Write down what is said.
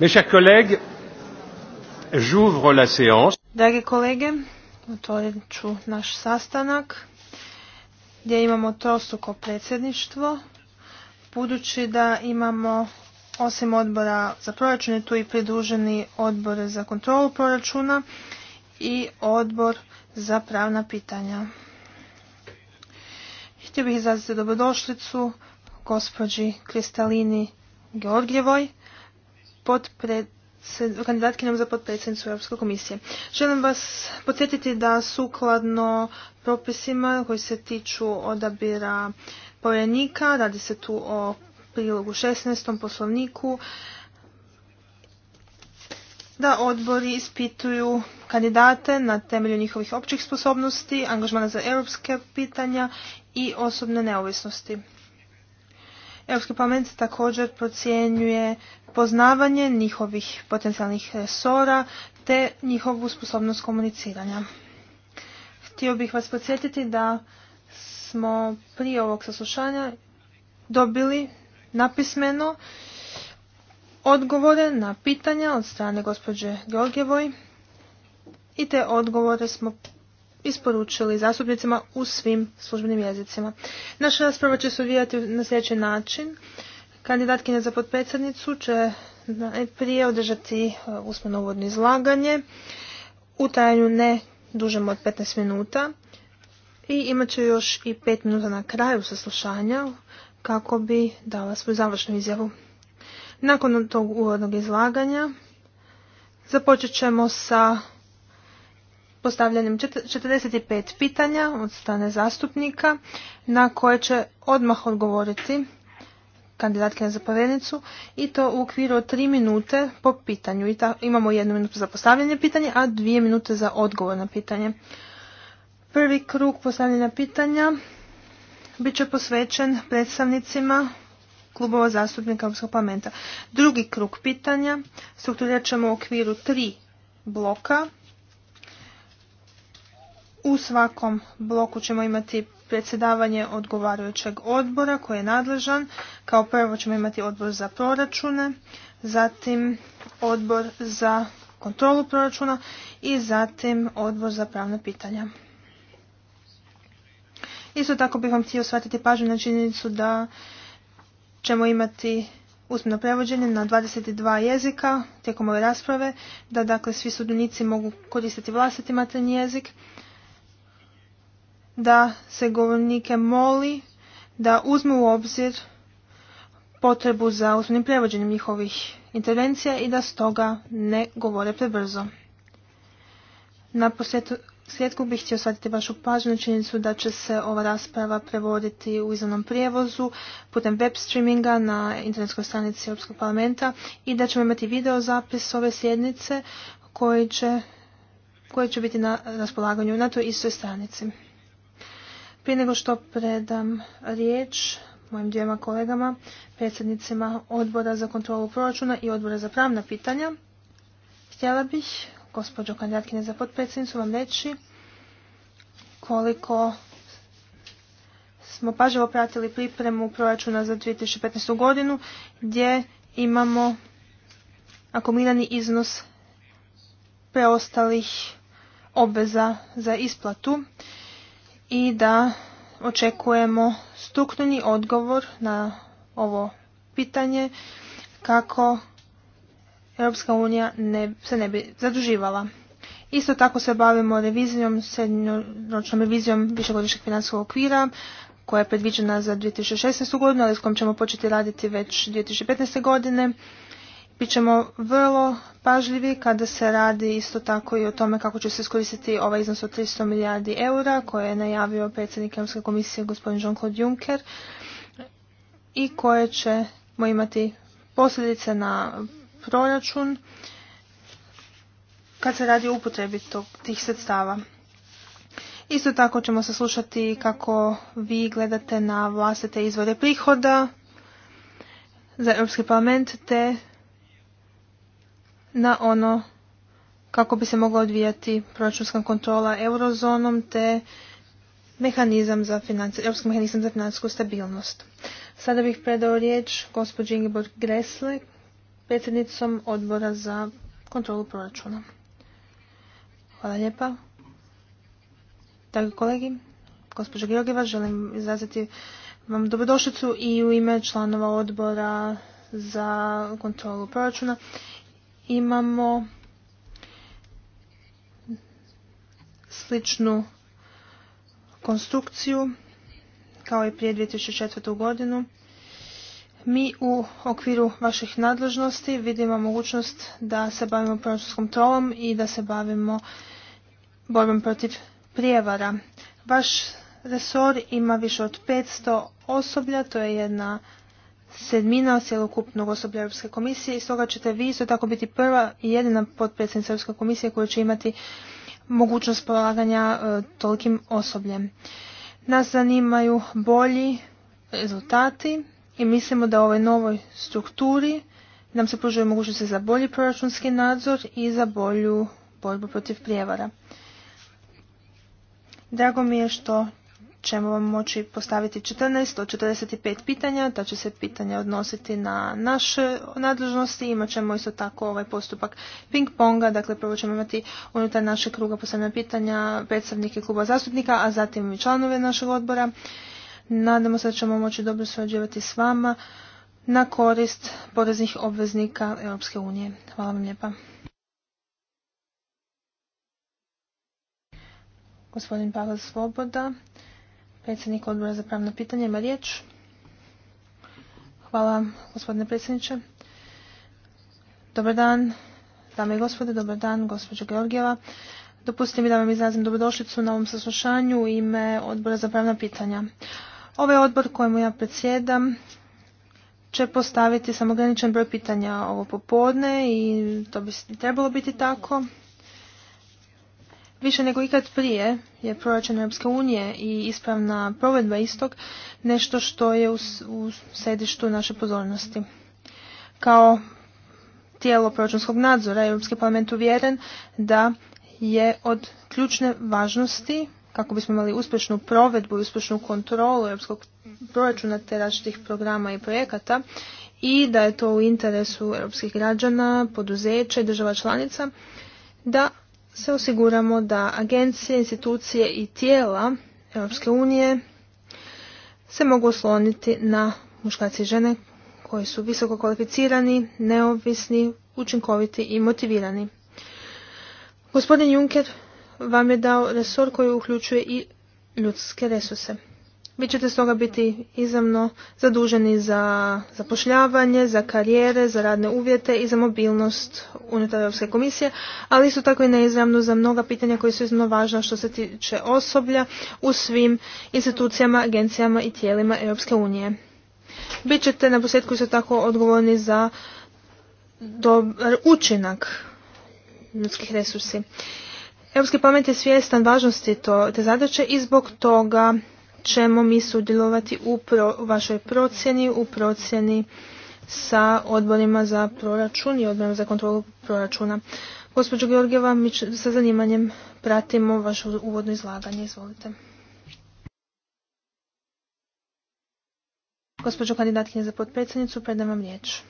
Mes chers collègues, j'ouvre la séance. kolege, otvorit ću naš sastanak gdje imamo trostruko predsjedništvo. Budući da imamo osim odbora za proračun je tu i pridruženi odbor za kontrolu proračuna i odbor za pravna pitanja. Htio bih izraziti dobrodošlicu gospođi Kristalini Georgljevoj potpred kandidatkinom za potpredsjednicu Europske komisije. Želim vas podsjetiti da sukladno propisima koji se tiču odabira povjerenika, radi se tu o prilogu 16. poslovniku, da odbori ispituju kandidate na temelju njihovih općih sposobnosti, angažmana za europske pitanja i osobne neovisnosti. Europski parlament također procjenjuje poznavanje njihovih potencijalnih resora te njihovu sposobnost komuniciranja. Htio bih vas podsjetiti da smo prije ovog saslušanja dobili napismeno odgovore na pitanja od strane gospođe Georgijevoj i te odgovore smo isporučili zastupnicima u svim službenim jezicima. Naša rasprava će se odvijati na sljedeći način. Kandidatkinja za potpredsjednicu će prije održati e, usmeno uvodno izlaganje u trajanju ne dužemo od 15 minuta i imat će još i 5 minuta na kraju saslušanja kako bi dala svoju završnu izjavu. Nakon tog uvodnog izlaganja započet ćemo sa postavljanjem 45 pitanja od strane zastupnika na koje će odmah odgovoriti kandidatke za zapovednicu i to u okviru od tri minute po pitanju. imamo jednu minutu za postavljanje pitanja, a dvije minute za odgovor na pitanje. Prvi krug postavljanja pitanja bit će posvećen predstavnicima klubova zastupnika Europskog parlamenta. Drugi krug pitanja strukturirat ćemo u okviru tri bloka u svakom bloku ćemo imati predsjedavanje odgovarajućeg odbora koji je nadležan. Kao prvo ćemo imati odbor za proračune, zatim odbor za kontrolu proračuna i zatim odbor za pravna pitanja. Isto tako bih vam htio shvatiti pažnju na činjenicu da ćemo imati usmeno prevođenje na 22 jezika tijekom ove rasprave, da dakle svi sudionici mogu koristiti vlastiti maternji jezik da se govornike moli da uzmu u obzir potrebu za uzmanim prevođenjem njihovih intervencija i da stoga ne govore prebrzo. Na posljedku bih htio shvatiti vašu pažnju činjenicu da će se ova rasprava prevoditi u izvanom prijevozu putem web streaminga na internetskoj stranici Europskog parlamenta i da ćemo imati video zapis ove sjednice koji će, koji će biti na raspolaganju na toj istoj stranici. Prije nego što predam riječ mojim dvijema kolegama, predsjednicima odbora za kontrolu proračuna i odbora za pravna pitanja, htjela bih, gospođo kandidatkinje za potpredsjednicu, vam reći koliko smo pažljivo pratili pripremu proračuna za 2015. godinu gdje imamo akumulirani iznos preostalih obveza za isplatu i da očekujemo strukturni odgovor na ovo pitanje kako Europska unija ne, se ne bi zaduživala. Isto tako se bavimo revizijom, srednjoročnom revizijom višegodišnjeg financijskog okvira koja je predviđena za 2016. godinu, ali s kojom ćemo početi raditi već 2015. godine ćemo vrlo pažljivi kada se radi isto tako i o tome kako će se iskoristiti ovaj iznos od 300 milijardi eura koje je najavio predsjednik Europske komisije gospodin Jean-Claude Juncker i koje ćemo imati posljedice na proračun kad se radi o upotrebi tih sredstava. Isto tako ćemo se slušati kako vi gledate na vlastite izvore prihoda za Europski parlament te na ono kako bi se mogla odvijati proračunska kontrola eurozonom te mehanizam za financi, europski mehanizam za financijsku stabilnost. Sada bih predao riječ gospođi Ingeborg Gresle, predsjednicom odbora za kontrolu proračuna. Hvala lijepa. Dragi kolegi, gospođa Georgieva, želim izraziti vam dobrodošlicu i u ime članova odbora za kontrolu proračuna imamo sličnu konstrukciju kao i prije 2004. godinu. Mi u okviru vaših nadležnosti vidimo mogućnost da se bavimo proračunskom trolom i da se bavimo borbom protiv prijevara. Vaš resor ima više od 500 osoblja, to je jedna sedmina cjelokupnog osoblja Europske komisije i stoga ćete vi isto tako biti prva i jedina potpredsjednica Europske komisije koja će imati mogućnost polaganja e, tolikim osobljem. Nas zanimaju bolji rezultati i mislimo da u ovoj novoj strukturi nam se pružaju mogućnosti za bolji proračunski nadzor i za bolju borbu protiv prijevara. Drago mi je što ćemo vam moći postaviti 14 od 45 pitanja, ta će se pitanja odnositi na naše nadležnosti, imat ćemo isto tako ovaj postupak ping-ponga, dakle prvo ćemo imati unutar našeg kruga postavljena pitanja predstavnike kluba zastupnika, a zatim i članove našeg odbora. Nadamo se da ćemo moći dobro surađivati s vama na korist poreznih obveznika Europske unije. Hvala vam lijepa. Gospodin Pavel Svoboda, Predsjednik odbora za pravna pitanja ima riječ. Hvala gospodine predsjedniče. Dobar dan, dame i gospode, dobar dan gospođo Georgijeva. Dopustite mi da vam izrazim dobrodošlicu na ovom saslušanju u ime odbora za pravna pitanja. Ovaj odbor kojemu ja predsjedam će postaviti samograničan broj pitanja ovo popodne i to bi trebalo biti tako. Više nego ikad prije je proračun Europske unije i ispravna provedba istog nešto što je u, u središtu naše pozornosti. Kao tijelo proračunskog nadzora Europski parlament uvjeren da je od ključne važnosti kako bismo imali uspješnu provedbu i uspješnu kontrolu europskog proračuna te različitih programa i projekata i da je to u interesu europskih građana, poduzeća i država članica da se osiguramo da agencije, institucije i tijela Europske unije se mogu osloniti na muškarce i žene koji su visoko kvalificirani, neovisni, učinkoviti i motivirani. Gospodin Juncker vam je dao resor koji uključuje i ljudske resurse. Vi ćete stoga biti izravno zaduženi za zapošljavanje, za karijere, za radne uvjete i za mobilnost unutar Europske komisije, ali isto tako i neizravno za mnoga pitanja koja su iznimno važna što se tiče osoblja u svim institucijama, agencijama i tijelima Europske unije. ćete na posljedku isto tako odgovorni za dobar učinak ljudskih resursi. Europski pamet je svjestan važnosti to, te zadaće i zbog toga ćemo mi sudjelovati u pro, vašoj procjeni, u procjeni sa odborima za proračun i odborima za kontrolu proračuna. Gospođo Georgijeva, mi sa zanimanjem pratimo vaše uvodno izlaganje. Izvolite. Gospođo kandidatkinje za potpredsjednicu, predam vam riječ.